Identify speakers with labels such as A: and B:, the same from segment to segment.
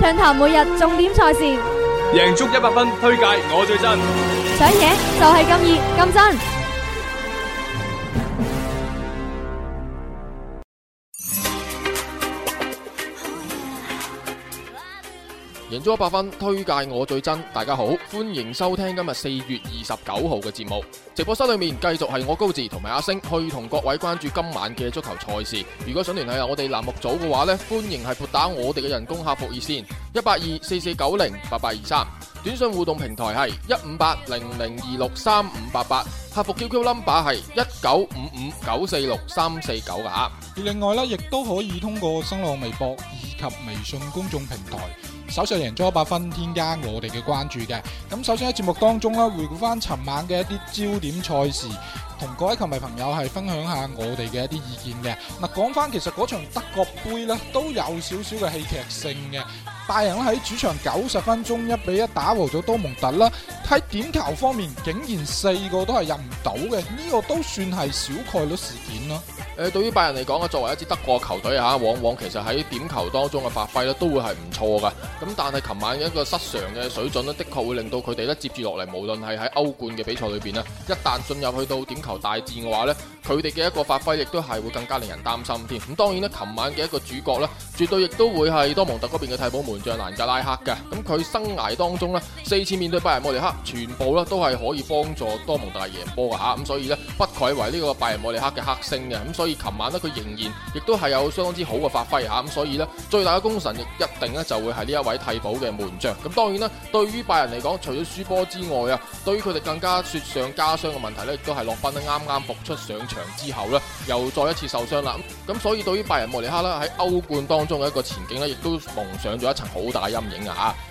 A: 暢談每日重點
B: 賽事，贏足一百分，推介我最真，想嘢就係咁熱咁真。中咗百分，推介我最真。大家好，歡迎收聽今日四月二十九號嘅節目。直播室裏面繼續係我高志同埋阿星去同各位關注今晚嘅足球賽事。如果想聯繫下我哋欄目組嘅話咧，歡迎係撥打我哋嘅人工客服熱線一八二四四九零八八二三，短信互動平台係一五八零零二六三五八八，客服 QQ 冧把係一九五五九四六三四九啊。而另外咧，
A: 亦都可以通過新浪微博以及微信公眾平台。首場贏咗百分添加我哋嘅關注嘅。咁首先喺節目當中啦，回顧翻尋晚嘅一啲焦點賽事，同各位球迷朋友係分享下我哋嘅一啲意見嘅。嗱，講翻其實嗰場德國杯咧，都有少少嘅戲劇性嘅。拜仁喺主場九十分鐘一比一打和咗多蒙特啦，喺點球方面竟然四個都係入唔到嘅，呢、這個都算係小概率事件啦。
B: 誒、呃，對於拜仁嚟講啊，作為一支德國球隊吓，往往其實喺點球當中嘅發揮咧都會係唔錯噶。咁但係琴晚一個失常嘅水準咧，的確會令到佢哋咧接住落嚟，無論係喺歐冠嘅比賽裏邊啊，一旦進入去到點球大戰嘅話咧。佢哋嘅一個發揮亦都係會更加令人擔心添。咁當然咧，琴晚嘅一個主角呢，絕對亦都會係多蒙特嗰邊嘅替補門將蘭格拉克噶。咁佢生涯當中呢，四次面對拜仁慕尼黑，全部呢都係可以幫助多蒙特贏波噶吓。咁所以呢，不愧為呢個拜仁慕尼黑嘅克星嘅。咁所以琴晚呢，佢仍然亦都係有相當之好嘅發揮吓。咁所以呢，最大嘅功臣亦一定呢就會係呢一位替補嘅門將。咁當然啦，對於拜仁嚟講，除咗輸波之外啊，對於佢哋更加雪上加霜嘅問題呢，亦都係洛芬得啱啱復出上場。之後呢，又再一次受傷啦。咁，所以對於拜仁慕尼黑啦，喺歐冠當中嘅一個前景呢，亦都蒙上咗一層好大陰影啊！吓。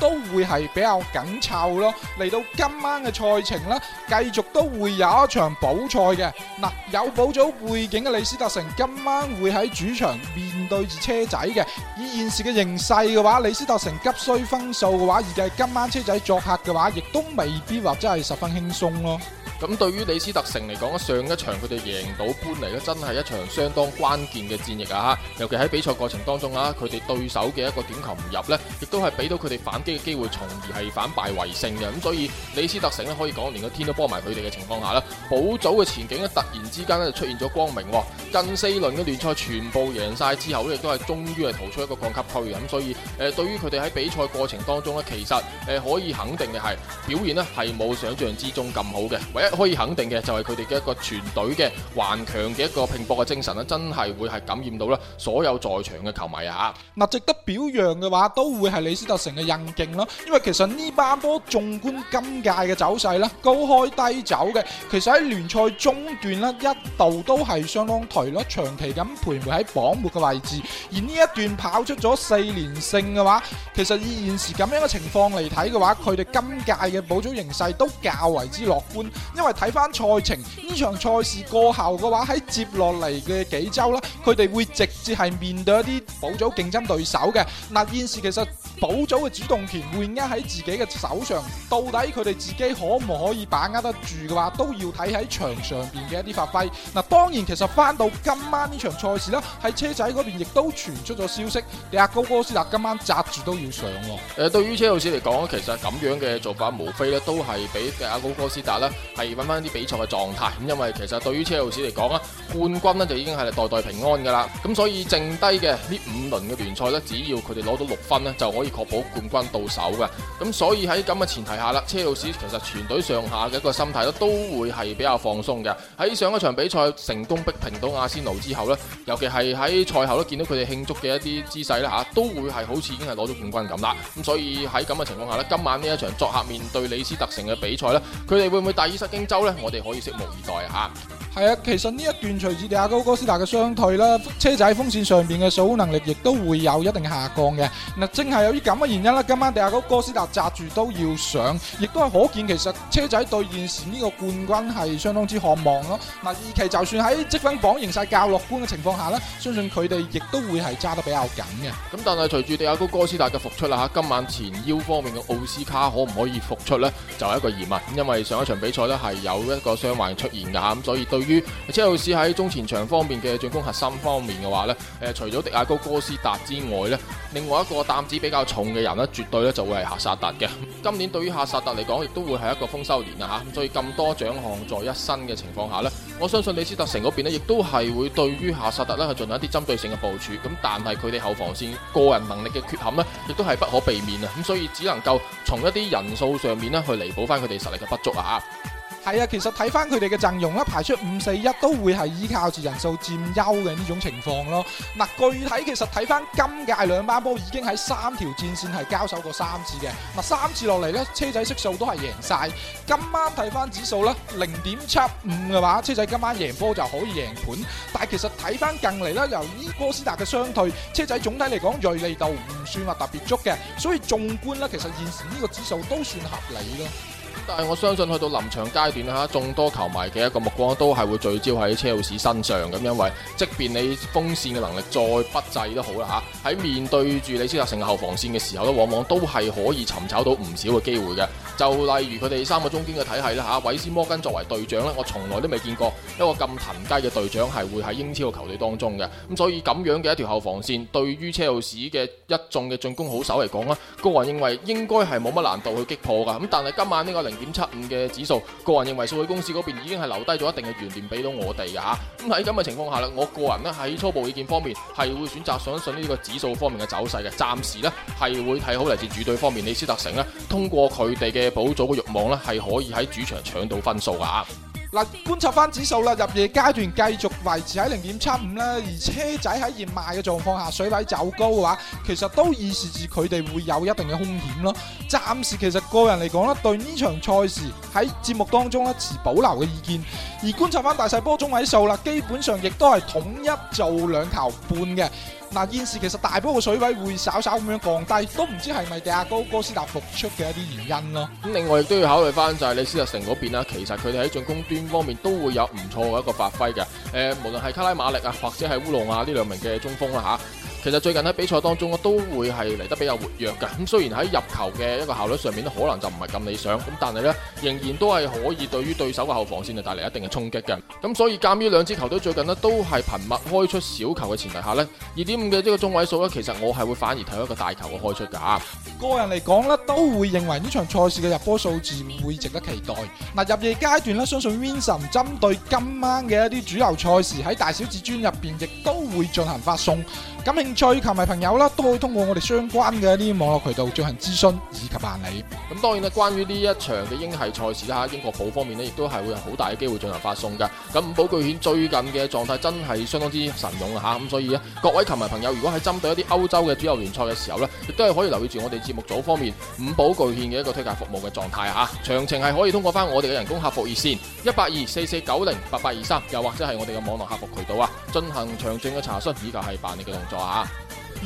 A: 都會係比較緊湊咯。嚟到今晚嘅賽程啦，繼續都會有一場補賽嘅。嗱，有補咗背景嘅李斯特城今晚會喺主場面對住車仔嘅。以現時嘅形勢嘅話，李斯特城急需分數嘅話，而家今晚車仔作客嘅話，亦都未必話真係十分輕鬆咯。
B: 咁對於李斯特城嚟講，上一場佢哋贏到搬嚟咧，真係一場相當關鍵嘅戰役啊！尤其喺比賽過程當中啦，佢哋對手嘅一個點球唔入咧，亦都係俾到佢哋反擊嘅機會，從而係反敗為勝嘅咁，所以李斯特城咧可以講連個天都幫埋佢哋嘅情況下咧，補組嘅前景咧突然之間咧就出現咗光明。近四輪嘅聯賽全部贏晒之後咧，亦都係終於係逃出一個降級區咁。所以誒，對於佢哋喺比賽過程當中咧，其實誒可以肯定嘅係表現咧係冇想象之中咁好嘅。唯一可以肯定嘅就係佢哋嘅一個全隊嘅頑強嘅一個拼搏嘅精神咧，真係會係感染到咧所有在場嘅球迷啊！
A: 嗱，值得表揚嘅話都會係李斯特城嘅人勁咯，因為其實呢班波縱觀今屆嘅走勢咧，高開低走嘅，其實喺聯賽中段咧一度都係相當頹落，長期咁徘徊喺榜末嘅位置。而呢一段跑出咗四連勝嘅話，其實以現時咁樣嘅情況嚟睇嘅話，佢哋今屆嘅保組形勢都較為之樂觀。因為睇翻賽程呢場賽事過後嘅話，喺接落嚟嘅幾周啦，佢哋會直接係面對一啲保組競爭對手嘅。嗱，現時其實保組嘅主動權會握喺自己嘅手上，到底佢哋自己可唔可以把握得住嘅話，都要睇喺場上邊嘅一啲發揮。嗱，當然，其實翻到今晚呢場賽事啦，喺車仔嗰邊亦都傳出咗消息，阿高哥斯達今晚紮住都要
B: 上喎。誒、呃，對於車路士嚟講，其實咁樣嘅做法，無非咧都係俾阿高哥斯達咧係搵翻啲比賽嘅狀態。咁因為其實對於車路士嚟講啊，冠軍呢就已經係代代平安噶啦。咁所以剩低嘅呢五輪嘅聯賽呢，只要佢哋攞到六分呢，就可以確保冠軍。到手嘅，咁所以喺咁嘅前提下啦，車路士其實全隊上下嘅一個心態咧都會係比較放鬆嘅。喺上一場比賽成功逼平到阿仙奴之後呢，尤其係喺賽後咧見到佢哋慶祝嘅一啲姿勢啦，吓，都會係好似已經係攞咗冠軍咁啦。咁所以喺咁嘅情況下呢，今晚呢一場作客面對李斯特城嘅比賽呢，佢哋會唔會大意失荊州呢？我哋可以拭目以待吓。
A: 係啊，其實呢一段隨住迪亞高哥斯達嘅傷退啦，車仔鋒線上邊嘅守能力亦都會有一定下降嘅。嗱，正係由於咁嘅原因啦，今晚迪亞高哥斯達紮住都要上，亦都係可見其實車仔對現時呢個冠軍係相當之渴望咯。嗱，二期就算喺積分榜形勢較樂觀嘅情況下呢，相信佢哋亦都會係揸得比較緊
B: 嘅。咁但係隨住迪亞高哥斯達嘅復出啦吓，今晚前腰方面嘅奧斯卡可唔可以復出呢？就係一個疑問。因為上一場比賽呢，係有一個傷患出現啊，咁所以對。於車路士喺中前場方面嘅進攻核心方面嘅話呢誒，除咗迪亞高哥斯達之外呢，另外一個擔子比較重嘅人呢，絕對呢就會係夏薩達嘅。今年對於夏薩達嚟講，亦都會係一個豐收年啊！吓，所以咁多獎項在一身嘅情況下呢，我相信李斯特城嗰邊呢，亦都係會對於夏薩達呢去進行一啲針對性嘅部署。咁但係佢哋後防線個人能力嘅缺陷呢，亦都係不可避免啊！咁所以只能夠從一啲人數上面呢，去彌補翻佢哋實力嘅不足啊！
A: 係啊，其實睇翻佢哋嘅陣容啦，排出五四一都會係依靠住人數佔優嘅呢種情況咯。嗱、啊，具體其實睇翻今屆兩班波已經喺三條戰線係交手過三次嘅，嗱、啊、三次落嚟呢，車仔悉數都係贏晒。今晚睇翻指數呢，零點七五嘅話，車仔今晚贏波就可以贏盤。但係其實睇翻近嚟呢，由依、e、波斯達嘅雙退，車仔總體嚟講銳利度唔算話特別足嘅，所以縱觀呢，其實現時呢個指數都算合理咯。
B: 但係我相信去到臨場階段吓，眾多球迷嘅一個目光都係會聚焦喺車路士身上咁，因為即便你鋒線嘅能力再不濟都好啦，喺面對住李斯達城嘅後防線嘅時候咧，往往都係可以尋找到唔少嘅機會嘅。就例如佢哋三個中間嘅體系咧嚇，韋斯摩根作為隊長咧，我從來都未見過一個咁騰雞嘅隊長係會喺英超嘅球隊當中嘅。咁所以咁樣嘅一條後防線，對於車路士嘅一眾嘅進攻好手嚟講啦，個人認為應該係冇乜難度去擊破㗎。咁但係今晚呢個零點七五嘅指數，個人認為數據公司嗰邊已經係留低咗一定嘅懸念俾到我哋㗎嚇。咁喺咁嘅情況下啦，我個人咧喺初步意見方面係會選擇相信呢個指數方面嘅走勢嘅。暫時呢係會睇好嚟自主隊方面李斯特城呢通過佢哋嘅。保組嘅欲望咧，係可以喺主場搶到分數噶。
A: 嗱，觀察翻指數啦，入夜階段繼續維持喺零點七五啦，而車仔喺熱賣嘅狀況下，水位走高嘅話，其實都預示住佢哋會有一定嘅風險咯。暫時其實個人嚟講咧，對呢場賽事喺節目當中咧持保留嘅意見。而觀察翻大細波中位數啦，基本上亦都係統一做兩球半嘅。嗱，現時其實大波嘅水位會稍稍咁樣降低，都唔知係咪迪亞高哥斯達復出嘅一啲原因咯。
B: 咁另外亦都要考慮翻就係李斯特城嗰邊啦，其實佢哋喺進攻端方面都會有唔錯嘅一個發揮嘅。誒、呃，無論係卡拉馬力啊，或者係烏龍啊呢兩名嘅中鋒啦嚇。其實最近喺比賽當中，我都會係嚟得比較活躍嘅。咁雖然喺入球嘅一個效率上面咧，可能就唔係咁理想，咁但係呢，仍然都係可以對於對手嘅後防線啊帶嚟一定嘅衝擊嘅。咁所以鑒於兩支球隊最近咧都係頻密開出小球嘅前提下呢，二點五嘅呢個中位數呢，其實我係會反而睇一個大球嘅開出嘅吓。
A: 個人嚟講呢，都會認為呢場賽事嘅入波數字會值得期待。嗱，入夜階段呢，相信 Vincent 針對今晚嘅一啲主流賽事喺大小至尊入邊亦都會進行發送。感興趣球迷朋友啦，都可以通過我哋相關嘅一啲網絡渠道進行諮詢以及辦
B: 理。咁當然啦，關於呢一場嘅英係賽事啦，吓，英國保方面呢，亦都係會有好大嘅機會進行發送嘅。咁五寶巨獻最近嘅狀態真係相當之神勇吓。咁所以呢，各位球迷朋友，如果係針對一啲歐洲嘅主流聯賽嘅時候呢，亦都係可以留意住我哋節目組方面五寶巨獻嘅一個推介服務嘅狀態啊。詳情係可以通過翻我哋嘅人工客服熱線一八二四四九零八八二三，又或者係我哋嘅網絡客服渠道啊，進行詳盡嘅查詢以及係辦理嘅動作。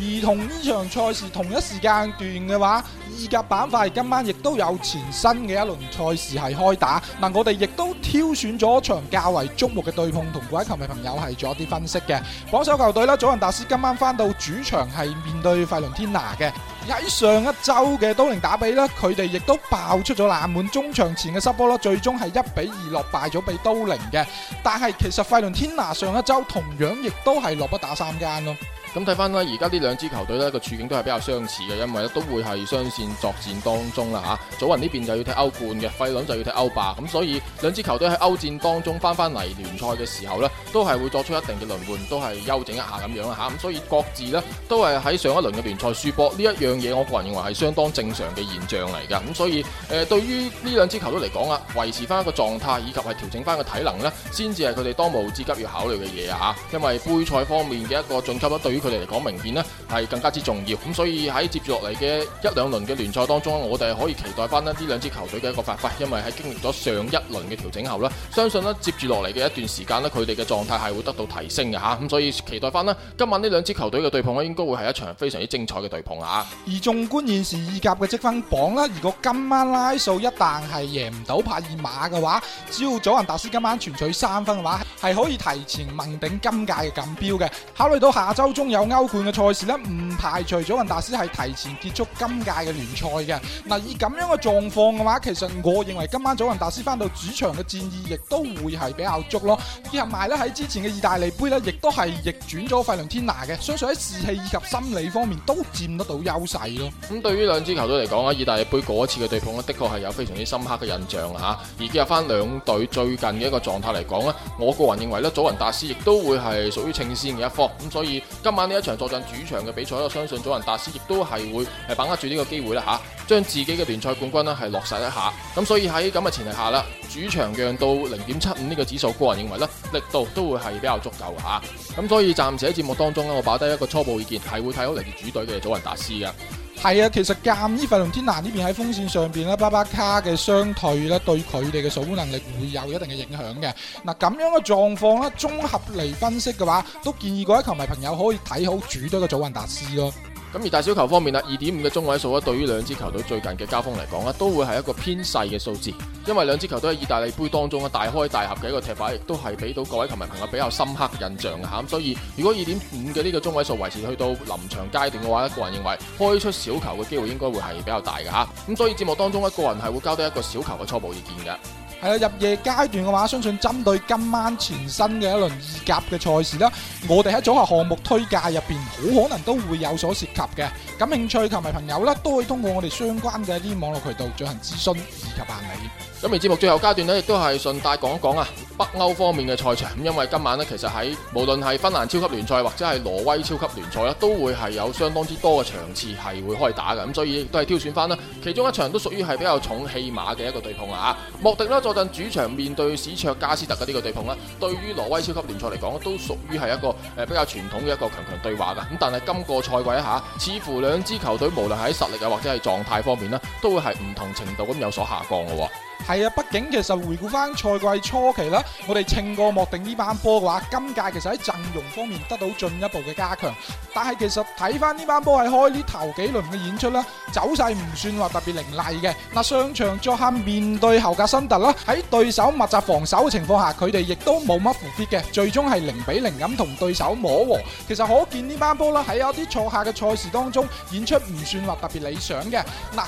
A: 而同呢場賽事同一時間段嘅話，意甲板塊今晚亦都有全新嘅一輪賽事係開打。嗱，我哋亦都挑選咗場較為矚目嘅對碰，同各位球迷朋友係做一啲分析嘅。榜首球隊呢，祖雲達斯今晚翻到主場係面對費倫天拿嘅。喺上一周嘅都靈打比呢，佢哋亦都爆出咗冷門，中場前嘅失波啦，最終係一比二落敗咗俾都靈嘅。但係其實費倫天拿上一周同樣亦都係落不打三間咯。
B: 咁睇翻啦，而家呢兩支球隊呢個處境都係比較相似嘅，因為都會係雙線作戰當中啦吓、啊。祖雲呢邊就要踢歐冠嘅，費倫就要踢歐霸，咁、啊、所以兩支球隊喺歐戰當中翻翻嚟聯賽嘅時候呢，都係會作出一定嘅輪換，都係休整一下咁樣啦吓。咁、啊、所以各自呢都係喺上一輪嘅聯賽輸波呢一樣嘢，我個人認為係相當正常嘅現象嚟㗎。咁、啊、所以誒、呃，對於呢兩支球隊嚟講啊，維持翻一個狀態以及係調整翻個體能呢，先至係佢哋當務之急要考慮嘅嘢啊吓。因為杯賽方面嘅一個晉級咧對。佢哋嚟講明顯呢係更加之重要，咁所以喺接住落嚟嘅一兩輪嘅聯賽當中，我哋可以期待翻咧呢兩支球隊嘅一個發揮，因為喺經歷咗上一輪嘅調整後咧，相信咧接住落嚟嘅一段時間咧，佢哋嘅狀態係會得到提升嘅吓，咁所以期待翻咧今晚呢兩支球隊嘅對碰咧，應該會係一場非常之精彩嘅對碰吓。
A: 而縱觀現時意甲嘅積分榜咧，如果今晚拉素一旦係贏唔到帕爾馬嘅話，只要祖雲達斯今晚全取三分嘅話，係可以提前問鼎今屆嘅錦標嘅。考慮到下周中。有歐冠嘅賽事呢，唔排除祖雲達斯係提前結束今屆嘅聯賽嘅。嗱，以咁樣嘅狀況嘅話，其實我認為今晚祖雲達斯翻到主場嘅戰意，亦都會係比較足咯。結合埋呢，喺之前嘅意大利杯呢，亦都係逆轉咗費倫天拿嘅，相信喺士氣以及心理方面都佔得到優勢咯。咁
B: 對於兩支球隊嚟講咧，意大利杯嗰次嘅對碰的確係有非常之深刻嘅印象啦吓。而結合翻兩隊最近嘅一個狀態嚟講呢，我個人認為呢，祖雲達斯亦都會係屬於稱先嘅一方。咁所以今。今晚呢一場作陣主場嘅比賽，我相信祖雲達斯亦都係會係把握住呢個機會啦吓，將自己嘅聯賽冠軍咧係落實一下。咁所以喺咁嘅前提下啦，主場讓到零點七五呢個指數，個人認為咧力度都會係比較足夠吓。咁所以暫時喺節目當中咧，我擺低一個初步意見，係會睇好嚟自主隊嘅祖雲達斯嘅。係啊，其實
A: 鑒衣費倫天拿呢邊喺鋒線上邊咧，巴巴卡嘅傷退咧，對佢哋嘅守門能力會有一定嘅影響嘅。嗱、啊，咁樣嘅狀況咧，綜合嚟分析嘅話，都建議各位球迷朋友可以睇好主隊嘅祖雲達斯咯。
B: 咁而大小球方面啦，二點五嘅中位數咧，對於兩支球隊最近嘅交鋒嚟講咧，都會係一個偏細嘅數字，因為兩支球隊喺意大利杯當中大開大合嘅一個踢法，亦都係俾到各位球迷朋友比較深刻印象嘅吓。咁所以，如果二點五嘅呢個中位數維持去到臨場階段嘅話，個人認為開出小球嘅機會應該會係比較大嘅吓。咁所以節目當中，個人係會交到一個小球嘅初步意見嘅。係啦，入夜
A: 階段嘅話，相信針對今晚全新嘅一輪二甲嘅賽事啦，我哋喺組合項目推介入邊，好可能都會有所涉及嘅。感興趣球迷朋友啦，都可以通過我哋相關嘅一啲網絡渠道進行諮詢以
B: 及辦理。咁，節目最後階段呢，亦都係順帶講一講啊。北歐方面嘅賽場，咁因為今晚咧，其實喺無論係芬蘭超級聯賽或者係挪威超級聯賽咧，都會係有相當之多嘅場次係會開打嘅，咁所以亦都係挑選翻啦。其中一場都屬於係比較重戲碼嘅一個對碰啦吓。莫迪啦坐鎮主場面對史卓加斯特嘅呢個對碰啦，對於挪威超級聯賽嚟講，都屬於係一個誒比較傳統嘅一個強強對話噶。咁但係今個賽季一下似乎兩支球隊無論喺實力啊或者係狀態方面咧，都會係唔同程度咁有所下降嘅。係啊，畢竟其實回顧翻
A: 賽季初期啦，我哋稱過莫定呢班波嘅話，今屆其實喺陣容方面得到進一步嘅加強。但係其實睇翻呢班波係開呢頭幾輪嘅演出啦，走勢唔算話特別凌厲嘅。嗱，上場作客面對後格森特啦，喺對手密集防守嘅情況下，佢哋亦都冇乜伏貼嘅，最終係零比零咁同對手摸和。其實可見呢班波啦喺一啲作客嘅賽事當中演出唔算話特別理想嘅嗱。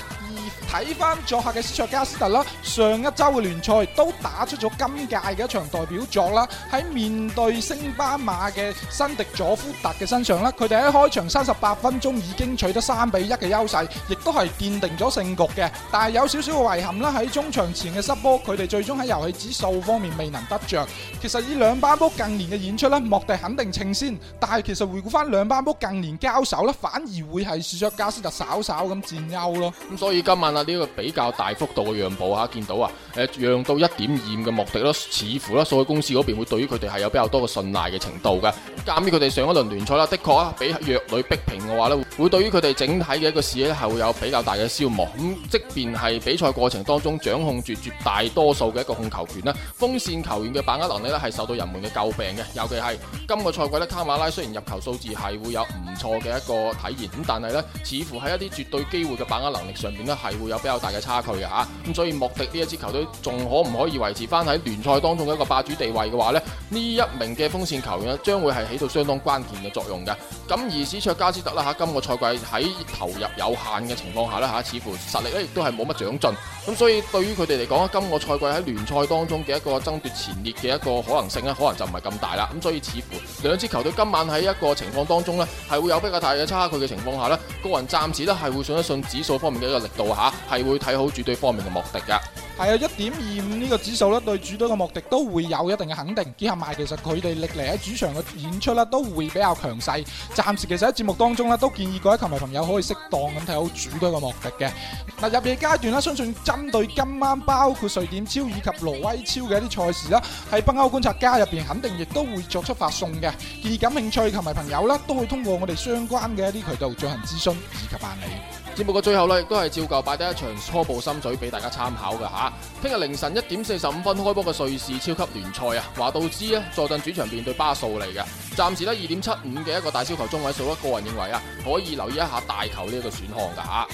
A: 睇翻作客嘅斯卓加斯特啦，上一周嘅聯賽都打出咗今屆嘅一場代表作啦。喺面對升班馬嘅辛迪佐夫特嘅身上啦，佢哋喺開場三十八分鐘已經取得三比一嘅優勢，亦都係奠定咗勝局嘅。但係有少少遺憾啦，喺中場前嘅失波，佢哋最終喺遊戲指數方面未能得着。其實以兩班波近年嘅演出咧，莫迪肯定稱先，但係其實回顧翻兩班波近年交手啦，反而會係斯卓加斯特稍稍咁佔優
B: 咯。咁所以今萬啦，呢個比較大幅度嘅讓步啊，見到啊，誒、呃、讓到一點二嘅目的，咯，似乎啦，數據公司嗰邊會對於佢哋係有比較多嘅信賴嘅程度嘅。咁鑑於佢哋上一輪聯賽啦，的確啊，俾弱旅逼平嘅話呢，會對於佢哋整體嘅一個士氣係會有比較大嘅消磨。咁、嗯、即便係比賽過程當中掌控住絕大多數嘅一個控球權咧，鋒線球員嘅把握能力呢，係受到人們嘅詬病嘅，尤其係今個賽季咧，卡馬拉雖然入球數字係會有唔錯嘅一個體現，咁但係呢，似乎喺一啲絕對機會嘅把握能力上面呢。係。係會有比較大嘅差距嘅吓，啊，咁所以莫迪呢一支球隊仲可唔可以維持翻喺聯賽當中嘅一個霸主地位嘅話咧，呢一名嘅鋒線球員將會係起到相當關鍵嘅作用嘅。咁而史卓加斯特啦吓，今個賽季喺投入有限嘅情況下咧吓，似乎實力咧亦都係冇乜長進。咁所以對於佢哋嚟講今個賽季喺聯賽當中嘅一個爭奪前列嘅一個可能性咧，可能就唔係咁大啦。咁所以似乎兩支球隊今晚喺一個情況當中咧，係會有比較大嘅差距嘅情況下咧，個人暫時咧係會信一信指數方面嘅一個力度啊。啊，係會睇好主隊方面嘅目的噶，
A: 係啊，一點二五呢個指數咧，對主隊嘅目的都會有一定嘅肯定。結合埋其實佢哋歷嚟喺主場嘅演出咧，都會比較強勢。暫時其實喺節目當中咧，都建議各位球迷朋友可以適當咁睇好主隊嘅目的嘅。嗱，入夜階段啦，相信針對今晚包括瑞典超以及挪威超嘅一啲賽事啦，喺北歐觀察家入邊肯定亦都會作出發送嘅。而感興趣球迷朋友啦，都會通過我哋相關嘅一啲渠道進行諮詢以及
B: 辦理。節目嘅最後咧，亦都係照舊擺低一場初步心水俾大家參考嘅吓。聽日凌晨一點四十五分開波嘅瑞士超級聯賽啊，華度茲咧坐鎮主場面對巴素嚟嘅。暫時咧二點七五嘅一個大細球中位數，我個人認為啊，可以留意一下大球呢個選項噶吓。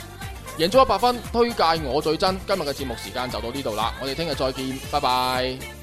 B: 贏足一百 FUN，推介我最真。今日嘅節目時間就到呢度啦，我哋聽日再見，拜拜。